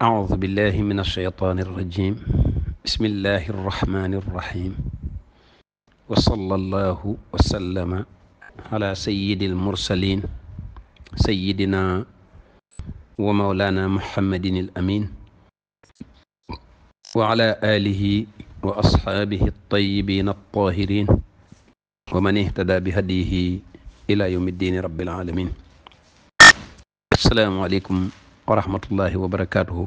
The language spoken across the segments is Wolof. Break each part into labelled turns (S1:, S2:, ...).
S1: أعوذ بالله من الشيطان الرجيم بسم الله الرحمن الرحيم وصلى الله وسلم على سيد المرسلين سيدنا ومولانا محمد الأمين وعلى آله وأصحابه الطيبين الطاهرين ومن اهتدى بهديه إلى يوم الدين رب العالمين السلام عليكم wa rahmatullahi wa barakaatuhu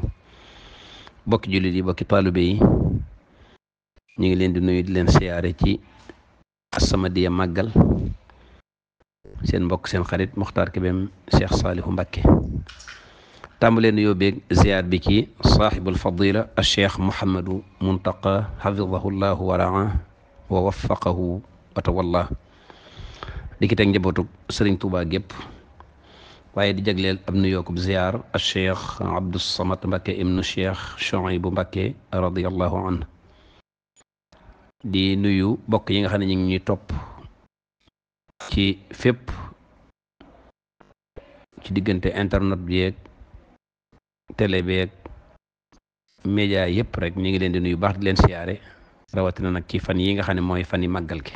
S1: jullit yi bokki taalibe yi ñu ngi leen di nuyu di leen siyaare ci As-Samadiyya màggal seen mbokk seen xarit Muxtaar Kébem Cheikh Saalihu Mbàkke tàmbaleen yóbbeeg ziyaar bi ci saaxibul fadila al cheikh Mouhamadou Muntaqa xafidahu llahu wa raa wa waffaqahu wa tawalla di ki waaye di jagleel ab nuyookub ziyaar al cheikh Abdou Samad Mbacké ibnu cheikh Chouaïbou Mbacké radiallahu anhu di nuyu bokk yi nga xam ne ñu ngi ñuy topp ci fépp ci diggante internet bi yeeg télé bi yeeg média yëpp rek ñu ngi leen di nuyu baax di leen siyaare rawatina nag ci fan yi nga xam ne mooy fan yi màggal gi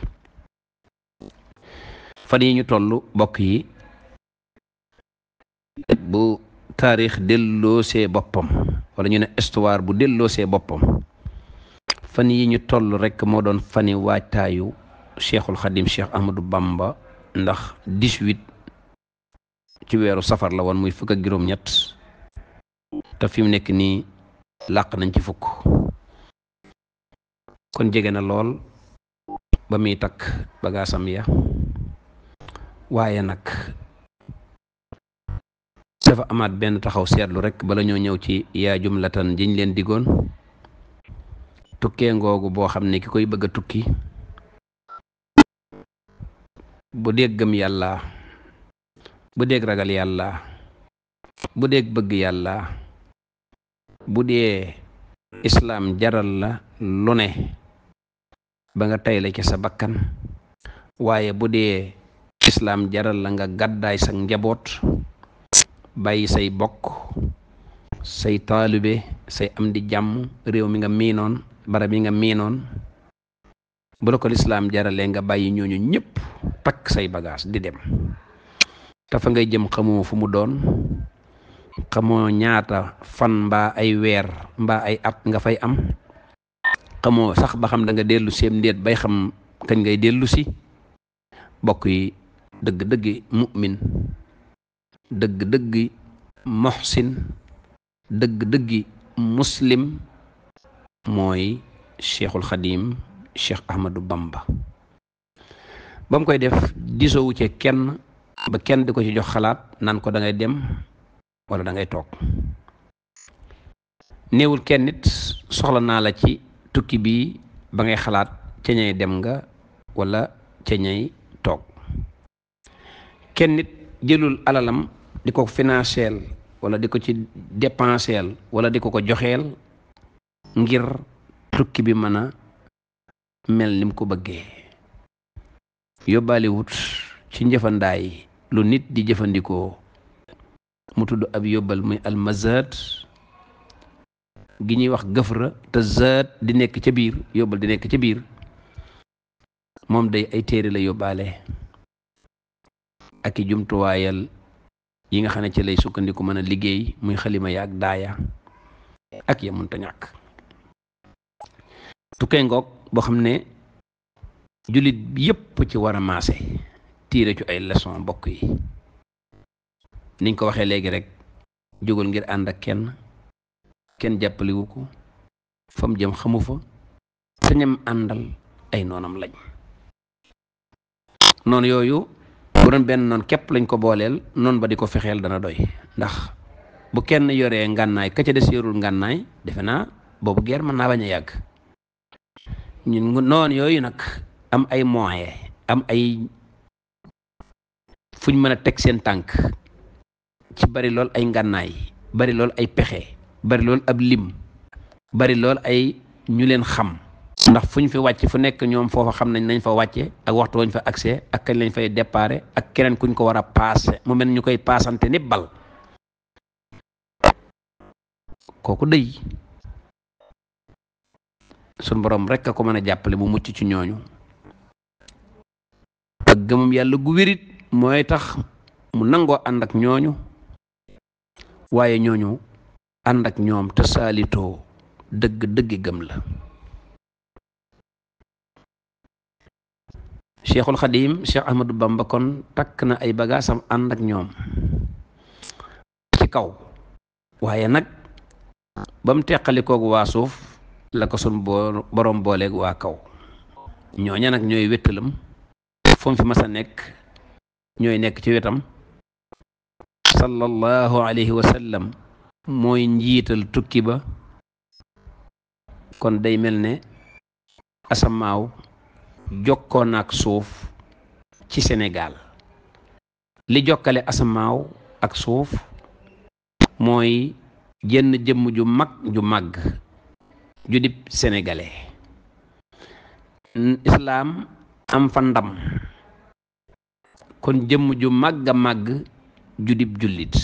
S1: fan yi ñu toll bokk yi bu taarix delloosee boppam wala ñu ne histoire bu delloosee boppam fan yi ñu toll rekk moo doon fani waajtaayu cheikhul xadim cheikh ahmadou bamba ndax dix-huit ci weeru safar la woon muy fukk ak juróom-ñett te fi mu nekk nii làq nañ ci fukk kon jege na lool ba muy takk bagaasam ya waaye nag dafa amaat benn taxaw seetlu rek bala ñoo ñëw ci yaa jumlatan jiñ leen digoon tukkee ngoogu boo xam ne ki koy bëgg a tukki bu dee gëm yàlla bu dee ragal yàlla bu dee bëgg yàlla bu dee islaam jaral la lu ba nga tay la ci sa bakkan waaye bu dee islaam jaral la nga gàddaay sa njaboot bàyyi say bokk say taalibe say am di jàmm réew mi nga miinoon barab yi nga miinoon bu la ko lislaam jaralee nga bàyyi ñooñu ñëpp takk say bagaas di dem te fa ngay jëm xamoo fu mu doon xamoo ñaata fan mbaa ay weer mbaa ay at nga fay am xamoo sax ba xam da dellu seem ndéet bay xam kañ ngay dellusi si yi dëgg-dëgg mu'min dëgg-dëggi moxsin dëgg-dëggi muslim mooy cheikhul xadim cheikh ahmadou bamba ba bam koy def disowu ci kenn ba kenn di ko ci jox xalaat naan ko dangay dem wala dangay toog néewul kenn nit soxla naa la ci tukki bi ba ngay xalaat ca dem nga wala ca toog kenn nit jëlul alalam di ko financeel wala di ko ci dépenseel wala di ko ko joxeel ngir tukki bi mën a mel nim ko bëggee yóbbaale wut ci njëfandaay lu nit di jëfandikoo mu tudd ab yóbbal muy almazat gi ñuy wax gëfra te zaat di nekk ca biir yóbbal di nekk ci biir moom day ay téere la yóbbaale ak i jumtuwaayal yi nga xam ne ci lay sukkandiku mën a liggéey muy xalima ya ak daaya ak ya mënta ñàkk ngoog boo xam ne jullit yépp ci war a maase tiire ci ay leçon mbokk yi niñ ko waxee léegi rek jógul ngir ànd ak kenn kenn jàppaliwu ko fam jëm xamu fa sañam àndal ay noonam lañ noonu yooyu bu doon benn noonu képp lañ ko booleel noonu ba di ko fexeel dana doy ndax bu kenn yoree ngànnaay ka ca des yorul ngànnaay defe naa boobu guerre mën naa bañ a yàgg nga noon yooyu nag am ay moyen am ay fuñ mën a teg seen tànk ci bari lool ay ngànnaay bari lool ay pexe bari lool ab lim bari lool ay ñu leen xam ndax fu ñu fi wàcc fu nekk ñoom foofa xam nañ nañ fa wàcce ak waxtu wañ fa accès ak kañ lañ fay déparé ak keneen kuñ ko war a passé mu mel ñu koy paasante ni bal kooku dëy suñ borom rek a ko mën a jàppale bu mucc ci ñooñu ak gëmum yàlla gu mooy tax mu nangoo ànd ñooñu waaye ñooñu ànd ak ñoom te saalitoo dëgg dëggi gëm la cheikhul xadim cheikh ahmadou bamba kon takk na ay bagaasam ànd ak ñoom ci kaw waaye nag ba mu teqalikoogu waa suuf la ko sun booleeg waa kaw ñooña nag ñooy wéttalam fu fi mas nekk ñooy nekk ci wetam sallallahu alayhi wa mooy njiital tukki ba kon day mel ne asamaaw jokkoon ak suuf ci senegaal li jokkale asamaaw ak suuf mooy jenn jëmm ju mag ju màgg ju dib sénégalais islaam am fa ndam kon jëmm ju màgg a màgg ju dib jullit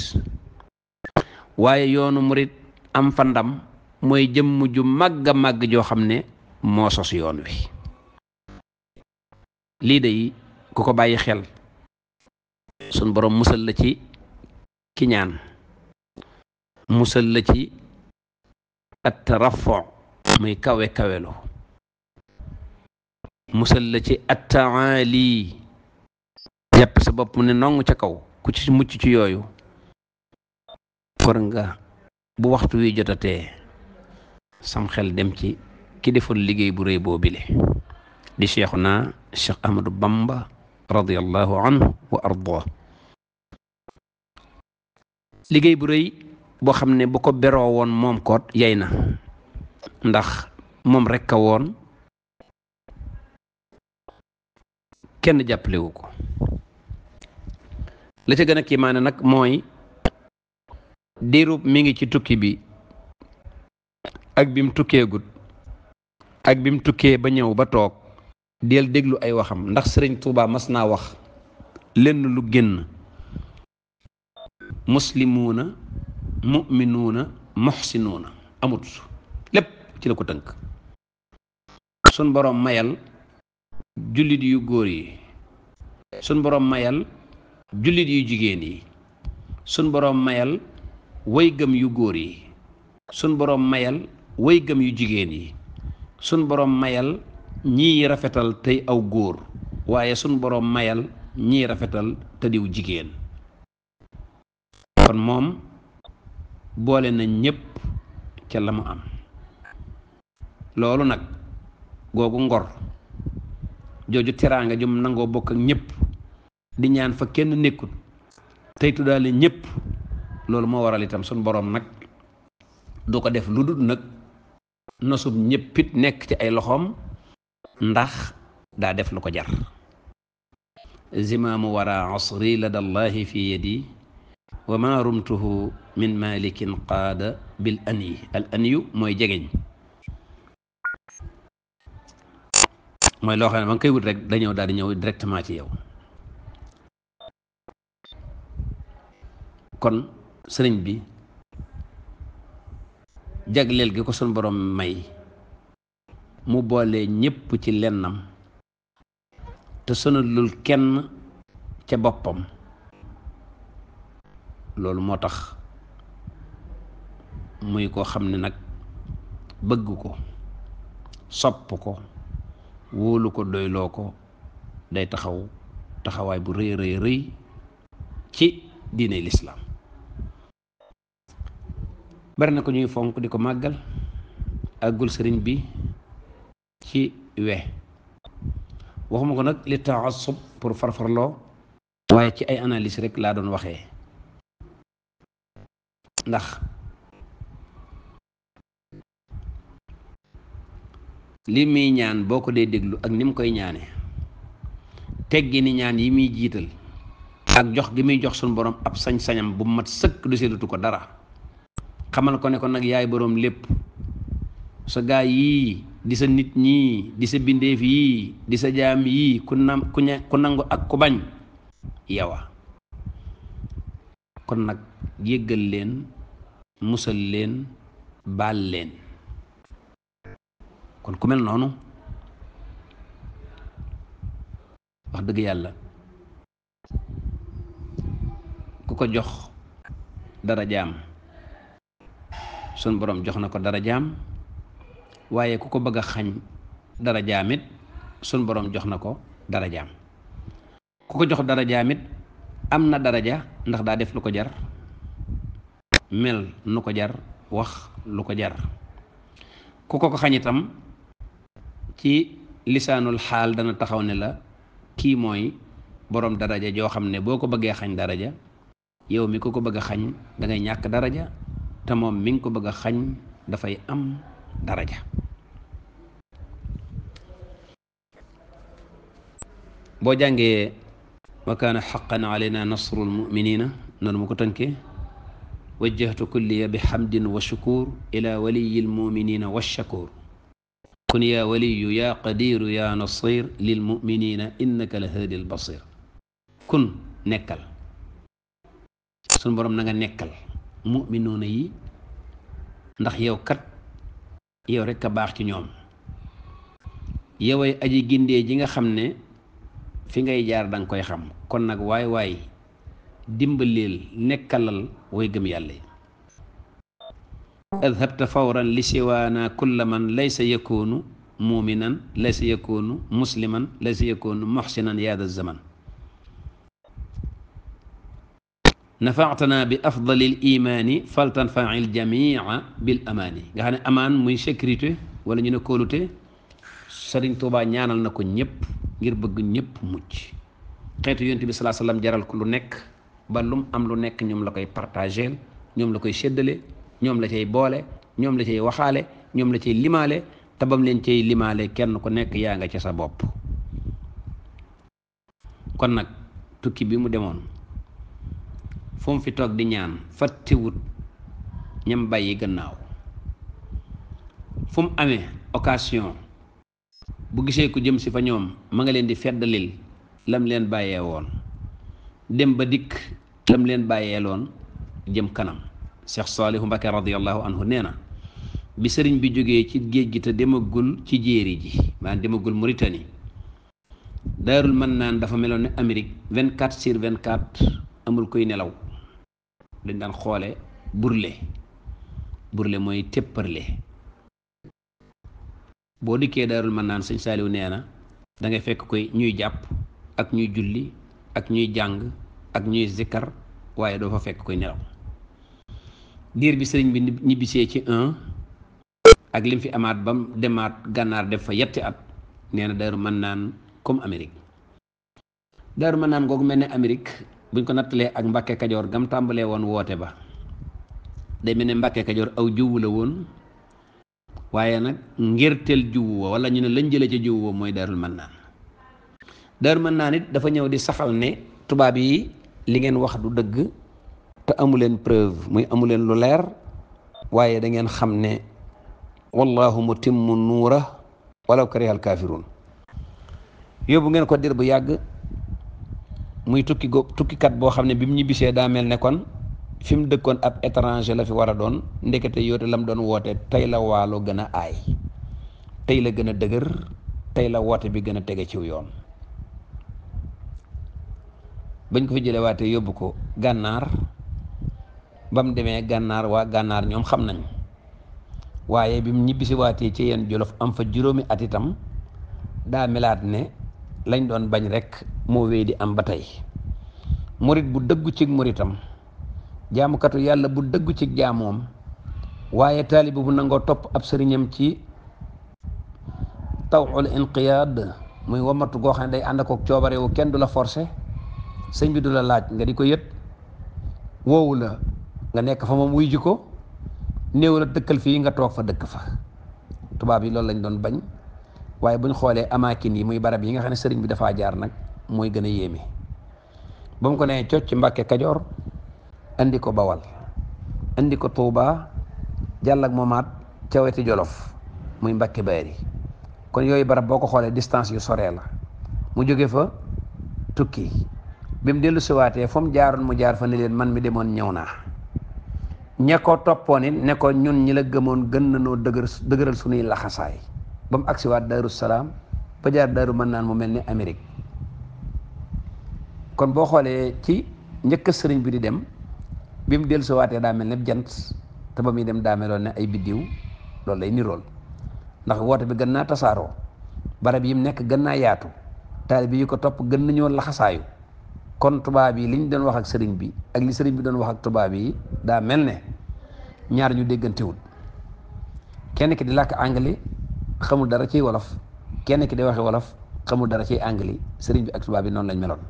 S1: waaye yoonu murit am fa ndam mooy jëmm ju màgg a màgg joo xam ne moo sos yoon wi lii day ku ko bàyyi xel sun boroom musal la ci kiñaan musal la ci at tarafo muy kawe kawelu musal la ci at taali jàpp sa bopp mu ne nongu ca kaw ku ci mucc ci yooyu war nga bu waxtu wi jotatee sam xel dem ci ki deful liggéey bu rëy boo bile di Seexuna Cheikh Ahmadou Bamba radiallahu anhu wa ardah liggéey bu rëy boo xam ne bu ko beroo woon moom koot yey na ndax moom rekk woon kenn jàppalewu ko la ca gën a kiimaane nag mooy diirub mi ngi ci tukki bi ak bim tukkee gut ak bim tukkee ba ñëw ba toog del déglu ay waxam ndax sëriñ Touba mas naa wax lenn lu génn muslimuuna muminuuna moxsinuuna amut lépp ci la ko tënk sun boroom mayal jullit yu góor yi sun boroom mayal jullit yu jigéen yi sun boroom mayal way gëm yu góor yi sun boroom mayal way gëm yu jigéen yi sun boroom mayal ñii rafetal tey aw góor waaye sunu boroom mayal ñii rafetal te diw jigéen kon moom boole na ñépp ca la mu am loolu nag googu ngor jooju teraanga jum nangoo bokk ak ñépp di ñaan fa kenn nekkul tey dale ñépp loolu moo waral itam sunu boroom nag du ko def lu dul nag nosub ñéppit nekk ci ay loxoom ndax daa def lu ko jar zimaamu wara asri ladallahi fi yadi wa ma rumtuhu min malikin qaada bil anyi al anyu mooy jegeñ mooy loo xam nga koy wut rek da ñëw daal di ñëw directement ci yow kon sëriñ bi jagleel gi ko sun borom may mu boole ñépp ci lennam te sonalul kenn ca boppam loolu moo tax muy koo xam ne nag bëgg ko sopp ko wóolu ko doyloo ko day taxaw taxawaay bu rëy rëy rëy ci diine lislaam bari na ko ñuy fonk di ko màggal àggul sëriñ bi ci we waxuma ko nag li taasub pour farfarloo waaye ci ay analise rek laa doon waxe ndax li muy ñaan boo ko dee déglu ak ni mu koy ñaane teggi ni ñaan yi muy jiital ak jox gi muy jox suñ boroom ab sañ-sañam bu mat sëkk du seelutu ko dara xamal ko ne ko nag yaay boroom lépp sa gaa yii di sa nit ñii di sa bindeef yii di sa jaam yii ku nam ku ña ku nangu ak ku bañ yawa kon nag yëggal leen musal leen baal leen kon ku mel noonu wax dëgg yàlla ku ko jox dara jaam sun borom jox na ko dara jaam waaye ku ko bëgg xañ dara jaamit sun borom jox na ko dara jaam ku ko jox dara jaamit am na daraja ndax daa def lu ko jar mel nu ko jar wax lu ko jar ku ko ko xañ itam ci lisaanul xaal dana taxaw ne la kii mooy boroom daraja joo xam ne boo ko bëggee xañ daraja yow mi ku ko bëgg xañ dangay ñàkk daraja te moom mi ngi ko bëgg xañ dafay am daraja boo jàngee wa kaana xaqan alayna nasrul muminina noonu mu ko tënkee wajjahtu kulliya bi xamdin wa shukur ila waliyi lmuminina wa shakur kun yaa waliyu yaa qadiru yaa nasir lil muminina innaka la haadi al basir kun nekkal sunu boroom na nekkal muminoona yi ndax yow kat yow rekk a baax ci ñoom yoway aji gindee ji nga xam ne fi ngay jaar da koy xam kon nag waay waay dimbaleel nekkalal way gëm yàlla yi adhabta fawran li siwaana kulla man laysa yakunu muminan laysa yakunu musliman laysa yakunu muxsinan yaada zaman nafactanaa bi afdalil imaani faltanfail jamia bil amaani nga xam ne amaan muy sécurité wala ñu ne kóolute Sëriñ Tuubaa ñaanal na ko ñëpp ngir bëgg ñépp mucc xeetu yonent bi salaa jaral ko lu nekk ba lum am lu nekk ñoom la koy partageel ñoom la koy séddale ñoom la cay boole ñoom la cay waxaale ñoom la cay limaale te bam leen cay limaale kenn ku nekk yaa nga ci sa bopp kon nag tukki bi mu demoon fu fi toog di ñaan fàttewut ñam bàyyi gannaaw fu amee occasion bu gisee ko jëm si fa ñoom ma nga leen di feddalil lam leen bàyyee woon dem ba dikk lam leen bàyyee loon jëm kanam Cheikh Saalihu Mbacke radiallahu anhu nee na bi sëriñ bi jógee ci géej gi te demagul ci jéeri ji maanaam demagul Mauritanie daarul mën naan dafa meloon ne Amérique vingt quatre sur vingt quatre amul koy nelaw dañ daan xoole burle burle mooy tépparle boo dikkee daarul mën naan sëñ saaliw nee na da fekk koy ñuy jàpp ak ñuy julli ak ñuy jàng ak ñuy zikkar waaye doo fa fekk koy nelaw diir bi sëriñ bi ñibbisee ci ak lim fi amaat bam demaat gànnaar def fa yetti at neena na daaru mën naan comme Amérique daaru mën naan googu mel ne Amérique buñ ko nattalee ak Mbàkke Kajoor gam tàmbalee woon woote ba day mel ne Mbàkke Kajoor aw jiwu la woon waaye nag ngirteel jiwu wa wala ñu ne lañ jëlee ca jiwu wa mooy daarul man naan daarul mën naan it dafa ñëw di saxal ne tubaab yi li ngeen wax du dëgg te amuleen preuve muy amuleen lu leer waaye dangeen xam ne wallahu mutimmu nuura walaw karihal kaafiruun yóbbu ngeen ko dir bu yàgg muy tukki go tukkikat boo xam ne bi mu ñibbisee daa mel ne kon fi mu dëkkoon ab étranger la fi war a doon ndekete yoote lam doon woote tey la waalo gën a aay tey la gën a dëgër tey la woote bi gën a tege ciw yoon bañ ko fi jële waatee yóbbu ko gànnaar ba mu demee gànnaar waa gànnaar ñoom xam nañ waaye bi mu ñibbisi waatee ci yenn jolof am fa juróomi at itam daa melaat ne lañ doon bañ rek moo wéy di am ba tey murit bu dëggu ci muritam jaamukatu yàlla bu dëggu ci jaamoom waaye taaliba bu nangoo topp ab sëriñam ci tawul inqiyaad muy womatu goo xam ne day ànd akook coobare kenn du la forcé sëñ bi du la laaj nga di ko yët woowu la nga nekk fa moom wuy ji ko néew la dëkkal fii nga toog fa dëkk fa tubaab yi loolu lañ doon bañ waaye buñ xoolee amaakin yi muy barab yi nga xam ne sëriñ bi dafaa jaar nag mooy gën a yéeme ba mu ko nee cocc Mbàkke Kajoor andi ko bawal indi ko Touba jàll ak moomaat ca weti Jolof muy Mbàkke Bari kon yooyu barab boo ko xoolee distance yu soree la mu jóge fa tukki bi mu dellu siwaatee fa mu jaaroon mu jaar fa ne leen man mi demoon ñëw naa ña ko toppoon ne ko ñun ñi la gëmoon gën nañoo dëgër dëgëral suñuy laxasaay ba mu agsiwaat Daaru Salaam ba jaar Daaru mën naan mu mel ni Amérique kon boo xoolee ci njëkk sëriñ bi di dem bi mu dellu sowaatee daa mel ne jant te ba muy dem daa meloon ne ay biddiw loolu lay niroon ndax woote bi gën naa tasaaroo barab yi mu nekk gën naa yaatu taalibe yi ko topp gën nañoo laxasaayu kon tubaab yi li ñu doon wax ak sëriñ bi ak li sëriñ bi doon wax ak tubaab yi daa mel ne ñaar ñu déggantewut kenn ki di làkk anglais xamul dara ciy wolof kenn ki di waxe wolof xamul dara ci anglais sëriñ bi ak tubaab yi noonu lañ meloon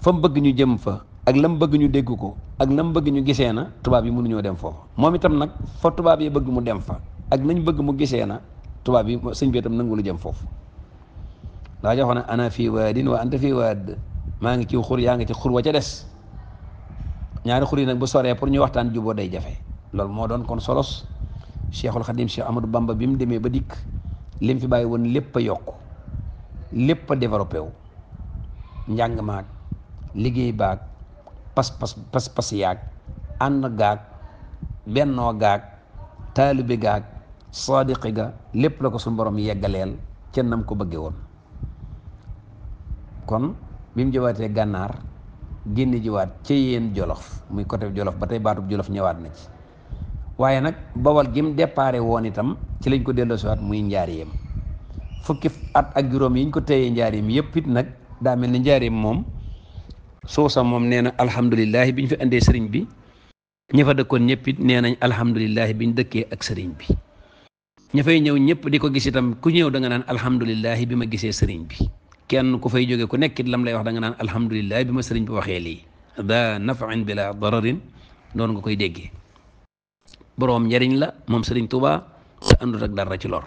S1: fa bëgg ñu jëm fa ak lam bëgg ñu dégg ko ak lam bëgg ñu gisee na tubaab yi mënuñoo dem foofu moom itam nag fa tubaab yi bëgg mu dem fa ak nañ bëgg mu gisee na tubaab yi sëñ bi tam nangu lu jëm foofu daa joxoon ne ana fii waadin wa anta maa ngi ci xur yaa ngi ci xur wa ca des ñaari xur yi nag bu soree pour ñu waxtaan juboo day jafe loolu moo doon kon solos cheikhul xadim cheikh amatu bamba bi mu demee ba dikk lim fi bàyyi woon lépp a yokk lépp a développé wu njàng maag liggéey baag pas-pas pas-pas yaag ànd gaag bennoo gaag taalibi gaag saadiqi ga lépp la ko suñu borom yeggaleel ca nam ko bëgge woon kon bi mu gànnaar génn jiwaat ca yéen jolof muy côté jolof ba tey baatub jolof ñëwaat na ci waaye nag bawal gi mu woon itam ci lañ ko delloosiwaat muy njaareem fukki at ak juróom yi ñu ko téyee njaareem yëpp it nag daa mel ni njaareem moom soosa moom nee na alhamdulilahi bi ñu fi andee sëriñ bi ñi fa dëkkoon ñëpp it nee nañ alhamdulilahi bi ñu dëkkee ak sëriñ bi ña fay ñëw ñëpp di ko gis itam ku ñëw da nga naan alhamdulilahi bi ma gisee sëriñ bi kenn ku fay jóge ku nekkit lam lay wax da nga naan alhamdulilahi bi ma sëriñ waxee lii daa nafin bila dararin noonu nga koy déggee boroom njariñ la moom sëriñ Tuubaa te àndut ak dara ci lor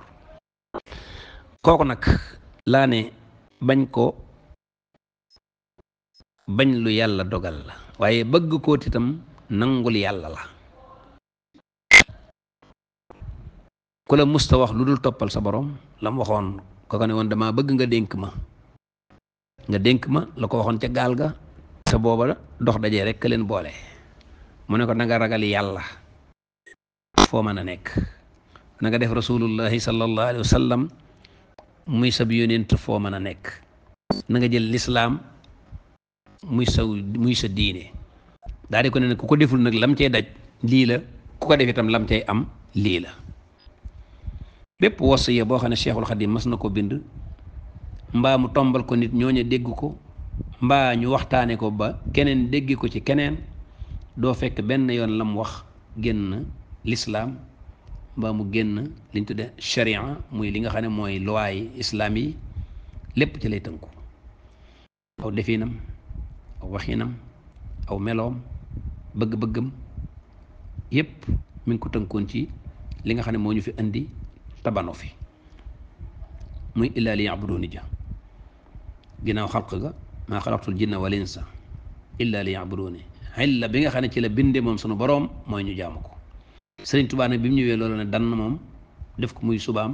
S1: kooku nag laa ne bañ ko bañ lu yàlla dogal la waaye bëgg koot itam nangul yàlla la ku la musta wax lu dul toppal sa boroom la mu waxoon ko ko ne woon damaa bëgg nga dénk ma nga dénk ma la ko waxoon ca gaal ga sa booba dox dajee rek ka leen boole mu ne ko na nga ragal yàlla foo mën a nekk nanga def rasulullahi sallallahu alayhi wa muy sab yónent foo mën a nekk na jël lislaam muy saw muy sa diine daal ko ne nag ku ko deful nag lam cey daj lii la ku ko def itam lam cay am lii la bépp wasiya boo xam ne Cheikhul Khadim mas na ko bind mbaa mu tombal ko nit ñooñu dégg ko mbaa ñu waxtaane ko ba keneen dégg ko ci keneen doo fekk benn yoon lam wax génn lislaam mbaa mu génn liñ tudde sharia muy li nga xam ne mooy loi islaam yi lépp ci lay tënku aw definam aw waxinam aw meloom bëgg-bëggam yépp mi ngi ko tënkoon ci li nga xam ne moo ñu fi indi tabano fi muy illaa li yaabuduuni ja ginnaaw xalq ga maa xalaqtul jinna wal insa illaa li yaabuduuni xilla bi nga xam ne ci la binde moom sunu boroom mooy ñu jaamu ko sëriñ Tuubaa nag bi mu ñëwee loolu ne dann moom def ko muy subaam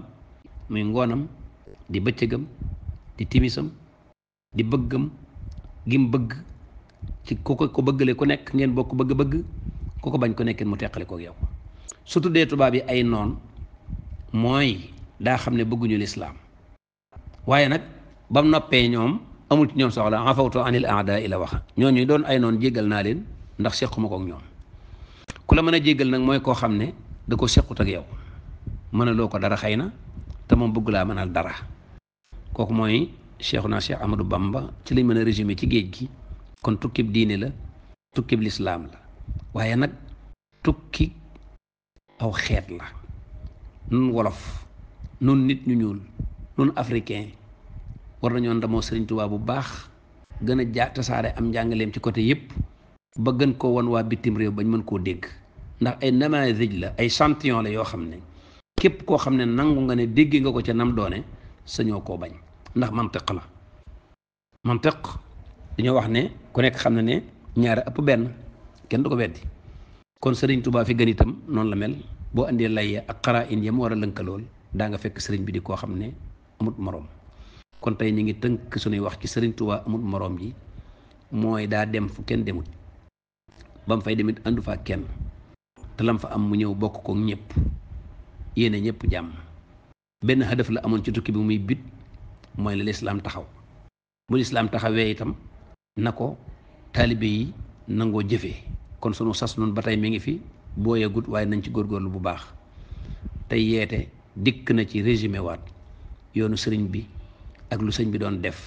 S1: muy ngoonam di bëccëgam di timisam di bëggam gim bëgg ci ku ko ko bëggale ku nekk ngeen bokk bëgg-bëgg ku ko bañ ku nekkin mu teqale kook yow su tuddee tubaab yi ay noon mooy daa xam ne bëgguñu lislaam waaye nag bam noppee ñoom amul ci ñoom soxla afawtu anil aada ila wax doon ay noon jéggal naa leen ndax sequma kook ñoom ku la mën a jéggal nag mooy koo xam ne da ko sequt ak yow mënaloo ko dara xëy na te moom bëgg laa mënal dara kooku mooy Cheikhuna Cheikh Ahmadou Bamba ci lañ mën a résumé ci géej gi kon tukkib diine la tukkib lislaam la waaye nag tukki aw xeet la nun wolof nun nit ñu ñuul nun africain war nañoo ndamoo Sëriñ Tuubaa bu baax gën a jaa tasaare am njàngaleem ci côté yépp ba gën koo wan waa bitim réew bañ mën koo dégg ndax ay rég la ay champion la yoo xam ne képp koo xam ne nangu nga ne dégg nga ko ca nam doone sañoo ko bañ ndax mantiq la mantiq dañoo wax ne ku nekk xam na ne ñaara ëpp benn kenn du ko weddi kon sëriñ tubaa fi gën itam noonu la mel boo indee lay ak xaraa in ya mu war a lënkalool daa nga fekk sëriñ bi di koo xam ne amut moroom kon tey ñu ngi tënk suñuy wax ci sëriñ tubaa amut moroom yi mooy daa dem fu kenn demut ba mu fay demit àndu kenn te lam fa am mu ñëw bokk ko ñëpp yéene ñëpp jàmm benn hadaf la amoon ci tukki bi muy bit mooy la lislaam taxaw bu lislaam taxawee itam na ko taalibe yi nangoo jëfe kon sunu sas noonu ba tey mi ngi fi booyagut waaye nañ ci góorgóorlu bu baax tey yeete dikk na ci résumé waat yoonu sëriñ bi ak lu sëñ bi doon def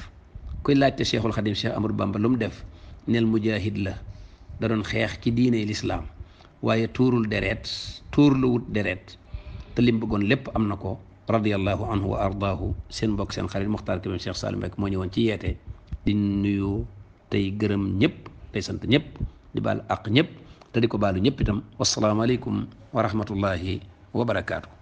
S1: kuy laajte cheikhul xadim cheikh amadou bamba lu mu def nel mujahid la da doon xeex ci diine lislaam waaye tuurul deret tuur lu wut deret te lim bëggoon lépp am na ko radiallahu anhu wa ardaahu seen mbokk seen xarit muxtaar kibam cheikh salim rek moo ñëwoon ci yeete di nuyu tey gërëm ñëpp tey sant ñëpp di baal àq ñëpp te di ko baalu ñëpp itam wasalaamaaleykum wa rahmatullahi wa barakaatu.